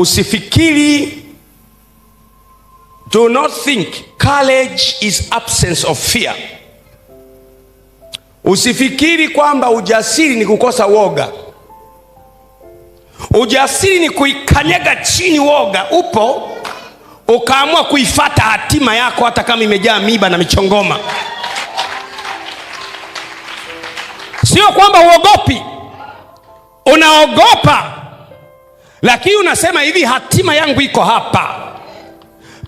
Usifikiri, do not think courage is absence of fear. Usifikiri kwamba ujasiri ni kukosa woga. Ujasiri ni kuikanyega chini woga upo, ukaamua kuifata hatima yako, hata kama imejaa miba na michongoma. Sio kwamba uogopi, unaogopa lakini unasema hivi, hatima yangu iko hapa,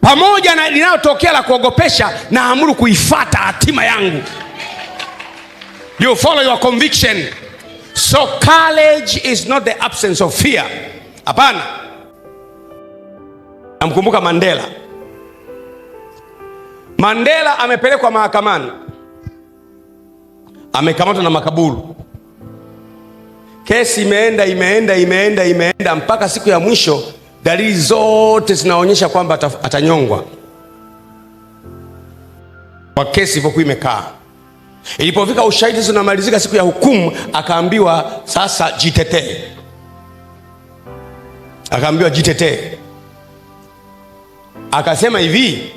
pamoja na linayotokea la kuogopesha, naamuru kuifata hatima yangu. You follow your conviction. So courage is not the absence of fear. Hapana. Namkumbuka Mandela. Mandela amepelekwa mahakamani, amekamatwa na makaburu Kesi imeenda imeenda imeenda imeenda mpaka siku ya mwisho, dalili zote zinaonyesha kwamba atanyongwa kwa kesi ilivyokuwa imekaa. Ilipofika ushahidi zinamalizika, siku ya hukumu akaambiwa sasa jitetee, akaambiwa jitetee, akasema hivi,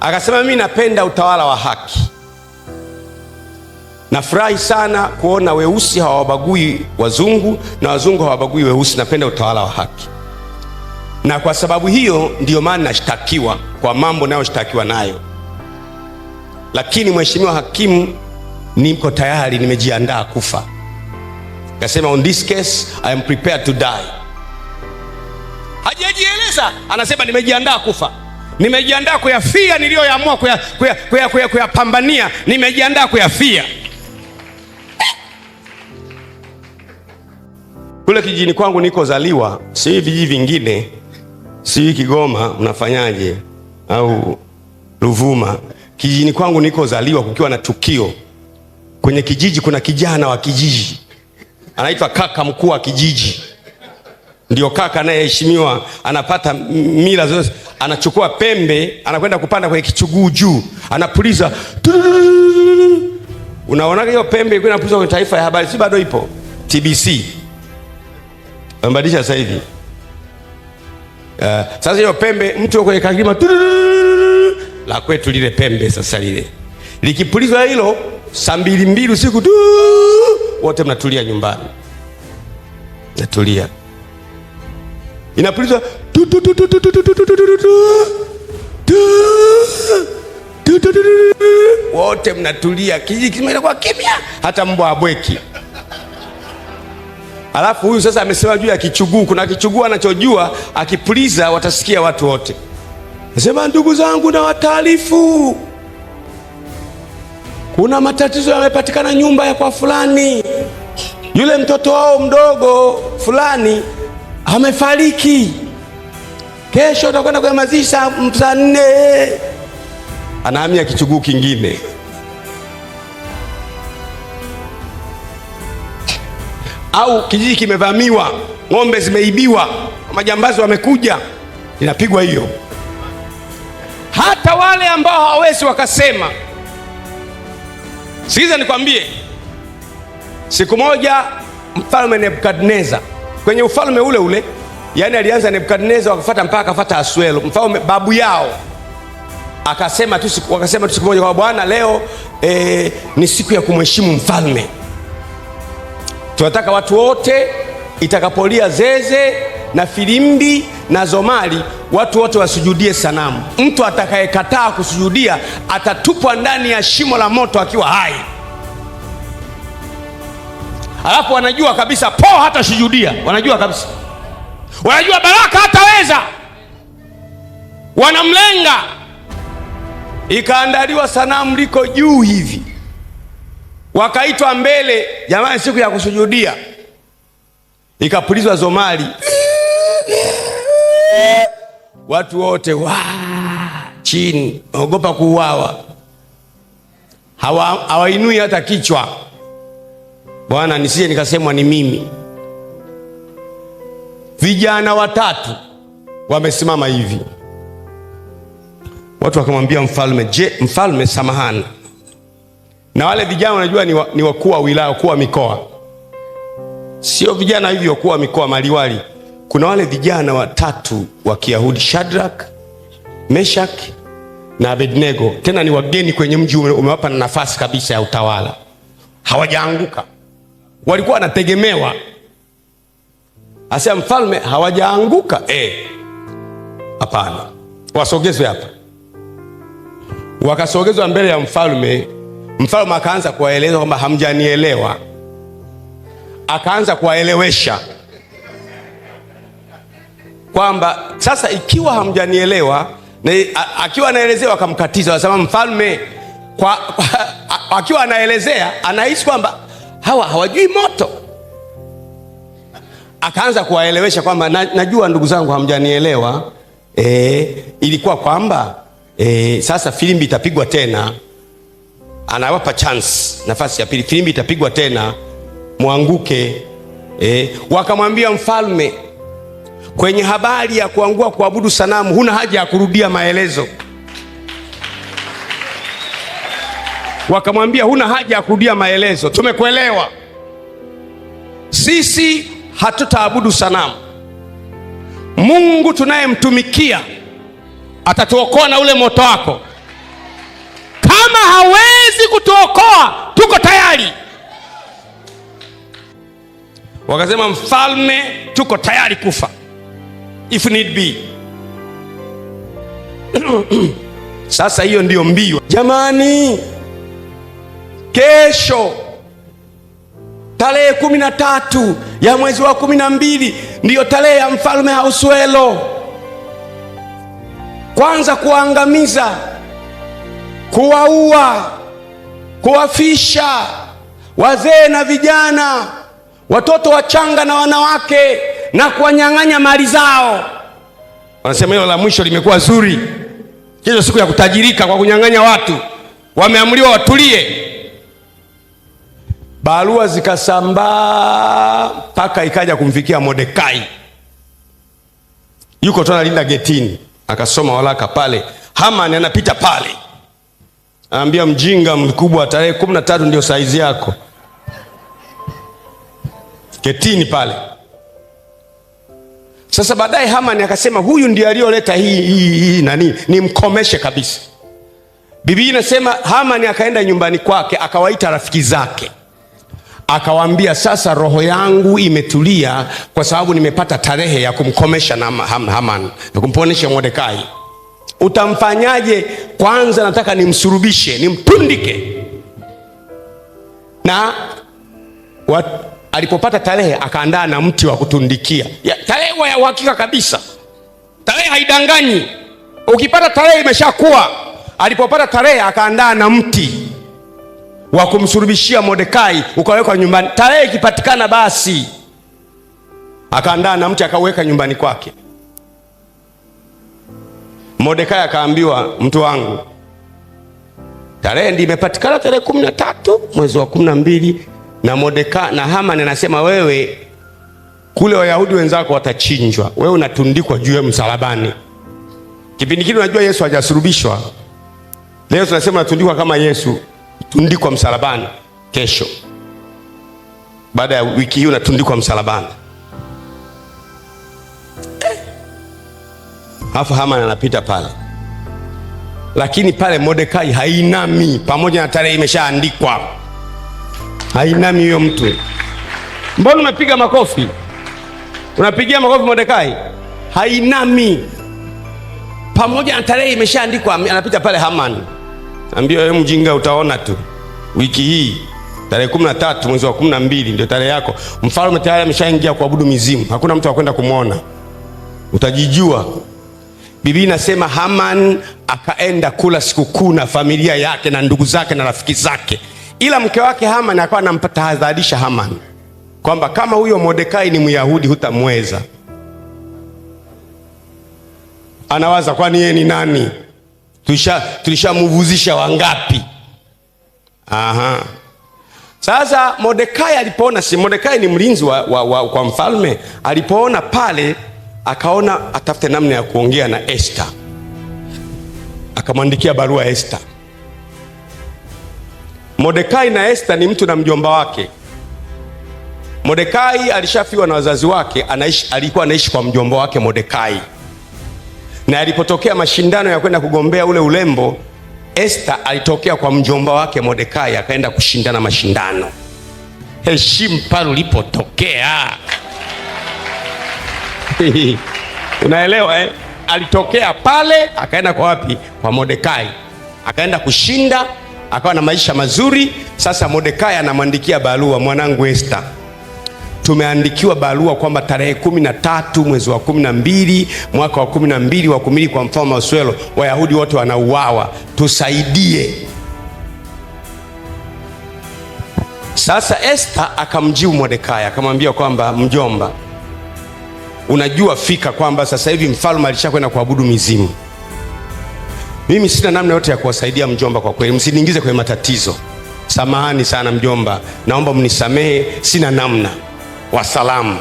akasema mimi napenda utawala wa haki Nafurahi sana kuona weusi hawabagui wazungu na wazungu hawabagui weusi. Napenda utawala wa haki, na kwa sababu hiyo ndiyo maana nashtakiwa kwa mambo nayoshtakiwa nayo, lakini mheshimiwa hakimu, niko tayari, nimejiandaa kufa. Kasema on this case I am prepared to die. Hajajieleza, anasema nimejiandaa kufa nimejiandaa kuyafia niliyoyaamua kuyapambania, nimejiandaa kuyafia. Kule kijijini kwangu nikozaliwa, si vijiji vingine, si Kigoma mnafanyaje au Ruvuma. Kijijini kwangu nikozaliwa, kukiwa na tukio kwenye kijiji, kuna kijana wa kijiji anaitwa kaka mkuu wa kijiji, ndio kaka anayeheshimiwa, anapata mila zote, anachukua pembe, anakwenda kupanda kwenye kichuguu juu, anapuliza. Unaona hiyo pembe inapuliza kwenye Taifa ya Habari, si bado ipo TBC Amebadilisha sasa hivi. Uh, sasa hiyo pembe mtu yuko kwenye kilima la kwetu lile pembe sasa lile. Likipulizwa hilo saa mbili mbili usiku tu wote mnatulia nyumbani. Natulia. Inapulizwa tu tu tu tu tu tu tu tu wote mnatulia, kijiji kizima inakuwa kimya, hata mbwa abweki. Alafu huyu sasa amesema juu ya kichuguu, kuna kichuguu anachojua akipuliza watasikia watu wote. Nasema ndugu zangu, na wataarifu kuna matatizo yamepatikana nyumba ya kwa fulani, yule mtoto wao mdogo fulani amefariki. Kesho utakwenda kwenye mazishi saa nne, anahamia kichuguu kingine. au kijiji kimevamiwa, ng'ombe zimeibiwa, majambazi wamekuja, inapigwa hiyo. Hata wale ambao hawawezi wakasema. Sikiza nikwambie, siku moja mfalme Nebukadneza kwenye ufalme ule ule, yani alianza Nebukadneza, wakafata mpaka akafata Aswelo, mfalme babu yao akasema tu, wakasema tu siku moja kwa Bwana, leo e, ni siku ya kumheshimu mfalme tunataka watu wote itakapolia zeze na filimbi na zomali, watu wote wasujudie sanamu. Mtu atakayekataa kusujudia atatupwa ndani ya shimo la moto akiwa hai. Alafu wanajua kabisa po hatasujudia, wanajua kabisa, wanajua Baraka hataweza, wanamlenga. Ikaandaliwa sanamu liko juu hivi wakaitwa mbele, jamani, siku ya kusujudia ikapulizwa zomali, watu wote wa chini, ogopa kuuawa, hawainui hawa hata kichwa. Bwana, nisije nikasemwa ni mimi. Vijana watatu wamesimama hivi, watu wakamwambia mfalme, je, mfalme, samahani na wale vijana unajua ni, wa, ni wakuu wa wilaya, wakuu wa mikoa, sio vijana hivi wakuu wa mikoa maliwali. Kuna wale vijana watatu wa Kiyahudi, shadrak meshak na Abednego, tena ni wageni kwenye mji, umewapa na nafasi kabisa ya utawala, hawajaanguka. Walikuwa wanategemewa, asema mfalme, hawajaanguka e, hapana. wasogezwe hapa, wakasogezwa mbele ya mfalme Mfalme akaanza kuwaeleza kwamba hamjanielewa, akaanza kuwaelewesha kwamba sasa, ikiwa hamjanielewa, akiwa anaelezewa akamkatiza, anasema mfalme kwa, kwa, akiwa anaelezea anahisi kwamba hawa hawajui moto. Akaanza kuwaelewesha kwamba na, najua ndugu zangu hamjanielewa. E, ilikuwa kwamba e, sasa filimbi itapigwa tena anawapa chance, nafasi ya pili, filimbi itapigwa tena, mwanguke eh. Wakamwambia mfalme, kwenye habari ya kuangua kuabudu sanamu huna haja ya kurudia maelezo. Wakamwambia huna haja ya kurudia maelezo, tumekuelewa sisi, hatutaabudu sanamu. Mungu tunayemtumikia atatuokoa na ule moto wako kama hawezi kutuokoa, tuko tayari. Wakasema mfalme, tuko tayari kufa if need be. Sasa hiyo ndiyo mbiu jamani. Kesho tarehe kumi na tatu ya mwezi wa kumi na mbili ndiyo tarehe ya mfalme hauswelo kwanza kuangamiza kuwaua, kuwafisha wazee na vijana, watoto wachanga na wanawake, na kuwanyang'anya mali zao. Wanasema hilo la mwisho limekuwa zuri. Kesho siku ya kutajirika kwa kunyang'anya watu, wameamriwa watulie. Barua zikasambaa mpaka ikaja kumfikia Mordekai, yuko tu analinda getini, akasoma waraka pale, Hamani anapita pale Naambia mjinga mkubwa, tarehe kumi na tatu ndio saizi yako. Ketini pale. Sasa baadaye Hamani akasema huyu ndiye aliyoleta hii, hii, hii nani, nimkomeshe kabisa. Biblia inasema Hamani akaenda nyumbani kwake, akawaita rafiki zake, akawaambia sasa, roho yangu imetulia kwa sababu nimepata tarehe ya kumkomesha na Haman, ya kumponesha Mordekai. Utamfanyaje kwanza nataka nimsurubishe, nimtundike Na wat, alipopata tarehe akaandaa na mti wa kutundikia ya, tarehe ya uhakika kabisa, tarehe haidanganyi. Ukipata tarehe imeshakuwa. Alipopata tarehe akaandaa na mti wa kumsurubishia Mordekai ukawekwa nyumbani. Tarehe ikipatikana basi akaandaa na mti akauweka nyumbani kwake. Mordekai akaambiwa, mtu wangu, tarehe ndiyo imepatikana, tarehe kumi na tatu mwezi wa kumi na mbili na Mordekai na haman anasema wewe kule Wayahudi wenzako watachinjwa, wewe unatundikwa juu ya msalabani. Kipindi kile unajua Yesu hajasulubishwa. Leo tunasema natundikwa kama Yesu, tundikwa msalabani. Kesho baada ya wiki hii unatundikwa msalabani. Alafu Haman anapita pale, lakini pale Mordekai hainami, pamoja na tarehe imeshaandikwa, hainami huyo mtu. Mbona unapiga makofi? Unapigia makofi Mordekai? Hainami, pamoja na tarehe imeshaandikwa. Anapita pale Haman, ambia wewe mjinga, utaona tu wiki hii tarehe kumi na tatu mwezi wa kumi na mbili ndio tarehe yako. Mfalme tayari ameshaingia kuabudu mizimu, hakuna mtu akwenda kumwona, utajijua. Biblia inasema Haman akaenda kula sikukuu na familia yake na ndugu zake na rafiki zake, ila mke wake Haman akawa anamtahadharisha Haman kwamba kama huyo Mordekai ni Myahudi hutamweza. Anawaza, kwani yeye ni nani? Tulishamvuzisha wangapi? Aha. Sasa Mordekai alipoona, si Mordekai ni mlinzi wa, wa, wa, kwa mfalme, alipoona pale akaona atafute namna ya kuongea na Esther, akamwandikia barua Esther. Mordekai na Esther ni mtu na mjomba wake. Mordekai alishafiwa na wazazi wake, anaishi, alikuwa anaishi kwa mjomba wake Mordekai, na alipotokea mashindano ya kwenda kugombea ule ulembo, Esther alitokea kwa mjomba wake Mordekai, akaenda kushindana mashindano. Heshimu pale ulipotokea. unaelewa eh? Alitokea pale akaenda kwa wapi? Kwa Mordekai, akaenda kushinda, akawa na maisha mazuri. Sasa Mordekai anamwandikia barua, mwanangu Esther, tumeandikiwa barua kwamba tarehe kumi na tatu mwezi wa kumi na mbili mwaka wa kumi na mbili wa kumili kwa mfalme Ahasuero, Wayahudi wote wanauawa, tusaidie. Sasa Esther akamjibu Mordekai akamwambia kwamba mjomba unajua fika kwamba sasa hivi mfalme alishakwenda kuabudu mizimu. Mimi sina namna yote ya kuwasaidia mjomba, kwa kweli, msiniingize kwenye matatizo. Samahani sana mjomba, naomba mnisamehe, sina namna. Wasalamu,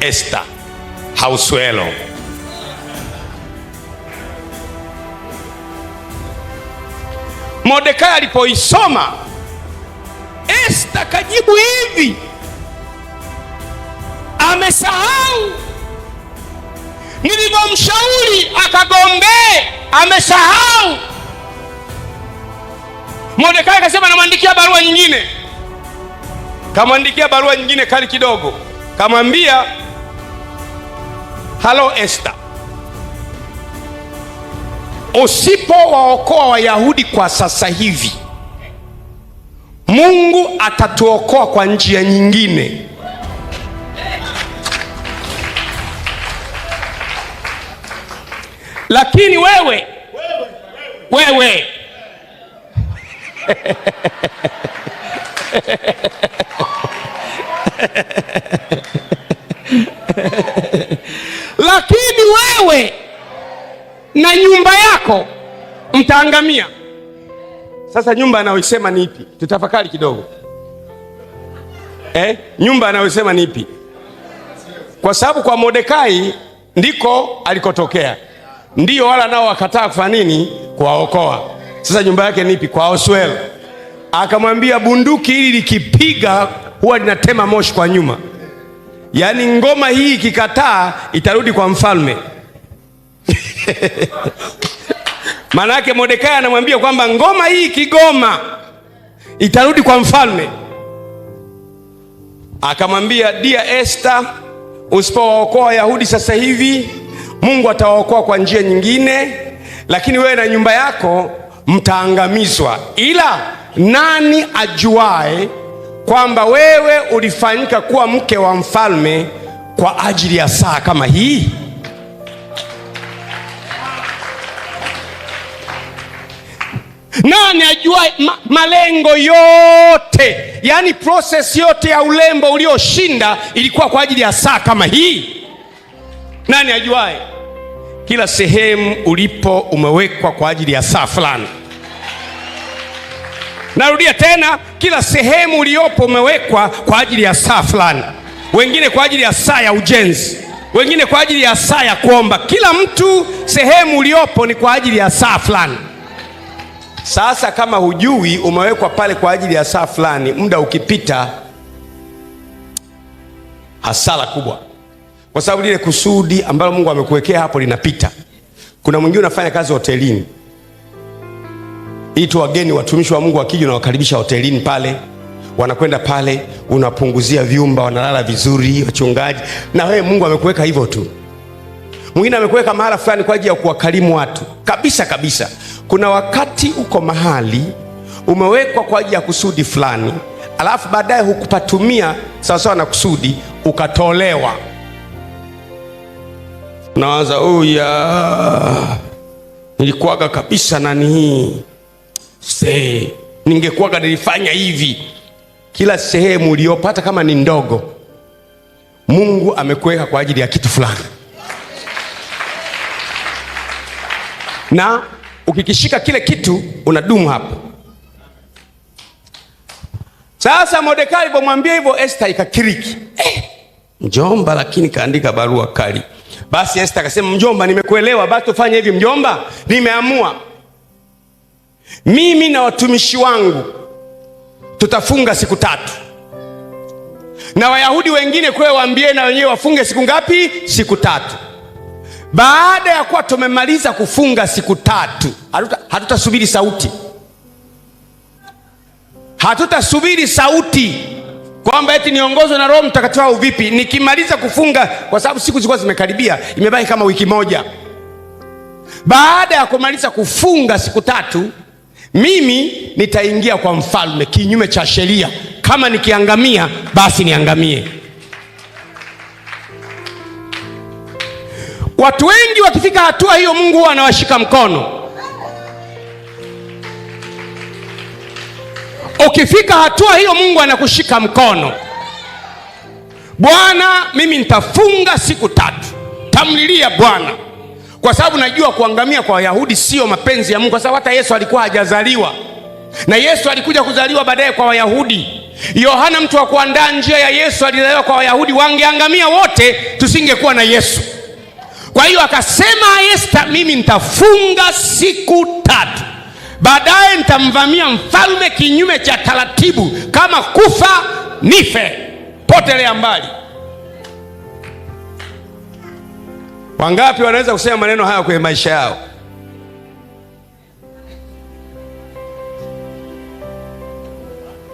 Esther Hauswelo. Mordekai alipoisoma Esther kajibu hivi, amesahau nilivyomshauri akagombee, amesahau. Mordekai akasema namwandikia barua nyingine, kamwandikia barua nyingine kali kidogo, kamwambia halo Esta, usipowaokoa Wayahudi kwa sasa hivi Mungu atatuokoa kwa njia nyingine. lakini wewe wewe lakini wewe na nyumba yako mtaangamia. Sasa nyumba anayoisema ni ipi? Tutafakari kidogo eh? Nyumba anayosema ni ipi? Kwa sababu kwa Mordekai ndiko alikotokea ndio wala nao wakataa kufanya nini? Kuwaokoa. Sasa nyumba yake nipi? Kwa oswel Akamwambia bunduki hili likipiga huwa linatema moshi kwa nyuma, yaani ngoma hii ikikataa itarudi kwa mfalme maana yake Mordekai anamwambia kwamba ngoma hii ikigoma itarudi kwa mfalme. Akamwambia, dia Esther, usipowaokoa Wayahudi sasa hivi Mungu atawaokoa kwa njia nyingine, lakini wewe na nyumba yako mtaangamizwa. Ila nani ajuae kwamba wewe ulifanyika kuwa mke wa mfalme kwa ajili ya saa kama hii? Nani ajua ma malengo yote, yaani prosesi yote ya ulembo ulioshinda ilikuwa kwa ajili ya saa kama hii? Nani ajuae? Kila sehemu ulipo umewekwa kwa ajili ya saa fulani. Narudia tena, kila sehemu uliopo umewekwa kwa ajili ya saa fulani, wengine kwa ajili ya saa ya ujenzi, wengine kwa ajili ya saa ya kuomba. Kila mtu sehemu uliopo ni kwa ajili ya saa fulani. Sasa kama hujui umewekwa pale kwa ajili ya saa fulani, muda ukipita, hasara kubwa kwa sababu lile kusudi ambalo Mungu amekuwekea hapo linapita. Kuna mwingine unafanya kazi hotelini, itu wageni watumishi wa Mungu wakija, unawakaribisha hotelini pale, wanakwenda pale, unapunguzia vyumba, wanalala vizuri, wachungaji na wewe. Mungu amekuweka hivyo tu. Mwingine amekuweka mahala fulani kwa ajili ya kuwakarimu watu kabisa kabisa. Kuna wakati uko mahali umewekwa kwa ajili ya kusudi fulani, alafu baadaye hukupatumia sawasawa na kusudi, ukatolewa. Nawaza uya, oh, nilikuwaga kabisa nani hii see, ningekuwaga nilifanya hivi. Kila sehemu uliyopata kama ni ndogo, Mungu amekuweka kwa ajili ya kitu fulani, na ukikishika kile kitu unadumu hapo. Sasa Mordekai alipomwambia hivyo, Esta ikakiriki eh, mjomba, lakini kaandika barua kali basi Esther akasema, mjomba, nimekuelewa, basi tufanye hivi. Mjomba, nimeamua mimi na watumishi wangu tutafunga siku tatu, na Wayahudi wengine kule waambie na wenyewe wafunge siku ngapi? Siku tatu. Baada ya kuwa tumemaliza kufunga siku tatu, hatutasubiri hatuta sauti, hatutasubiri sauti kwamba eti niongozwe na Roho Mtakatifu au vipi? Nikimaliza kufunga, kwa sababu siku zilikuwa zimekaribia, imebaki kama wiki moja. Baada ya kumaliza kufunga siku tatu, mimi nitaingia kwa mfalme kinyume cha sheria. Kama nikiangamia, basi niangamie. Watu wengi wakifika hatua hiyo, Mungu huwa anawashika mkono Ukifika hatua hiyo, Mungu anakushika mkono. Bwana, mimi nitafunga siku tatu, tamlilia Bwana kwa sababu najua kuangamia kwa Wayahudi sio mapenzi ya Mungu, kwa sababu hata Yesu alikuwa hajazaliwa na Yesu alikuja kuzaliwa baadaye kwa Wayahudi. Yohana, mtu wa kuandaa njia ya Yesu, alizaliwa kwa Wayahudi, wangeangamia wote, tusingekuwa na Yesu. Kwa hiyo akasema Esta, mimi nitafunga siku tatu baadaye nitamvamia mfalme kinyume cha taratibu, kama kufa nife, potelea mbali. Wangapi wanaweza kusema maneno haya kwenye maisha yao?